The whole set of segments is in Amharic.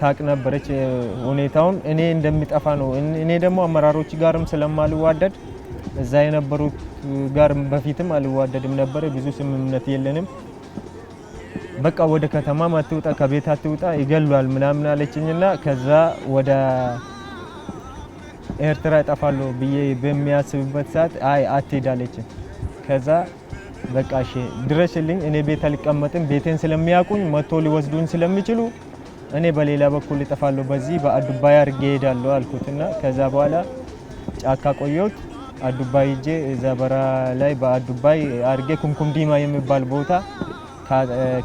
ታቅ ነበረች ሁኔታውን። እኔ እንደሚጠፋ ነው። እኔ ደግሞ አመራሮች ጋርም ስለማልዋደድ እዛ የነበሩት ጋር በፊትም አልዋደድም ነበረ። ብዙ ስምምነት የለንም። በቃ ወደ ከተማ አትውጣ፣ ከቤት አትውጣ፣ ይገሏል ምናምን አለችኝና ከዛ ወደ ኤርትራ ይጠፋሉ ብዬ በሚያስብበት ሰዓት አይ አትሄዳለችን። ከዛ በቃ ድረሽልኝ፣ እኔ ቤት አልቀመጥም፣ ቤቴን ስለሚያውቁኝ መቶ ሊወስዱኝ ስለሚችሉ እኔ በሌላ በኩል እጠፋለሁ፣ በዚህ በአዱባይ አድርጌ እሄዳለሁ አልኩትና ከዛ በኋላ ጫካ ቆየሁት። አዱባይ ሄጄ እዛ በረሃ ላይ በአዱባይ አድርጌ ኩምኩም ዲማ የሚባል ቦታ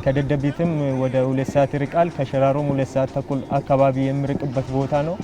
ከደደቢትም ወደ ሁለት ሰዓት ይርቃል፣ ከሸራሮም ሁለት ሰዓት ተኩል አካባቢ የሚርቅበት ቦታ ነው።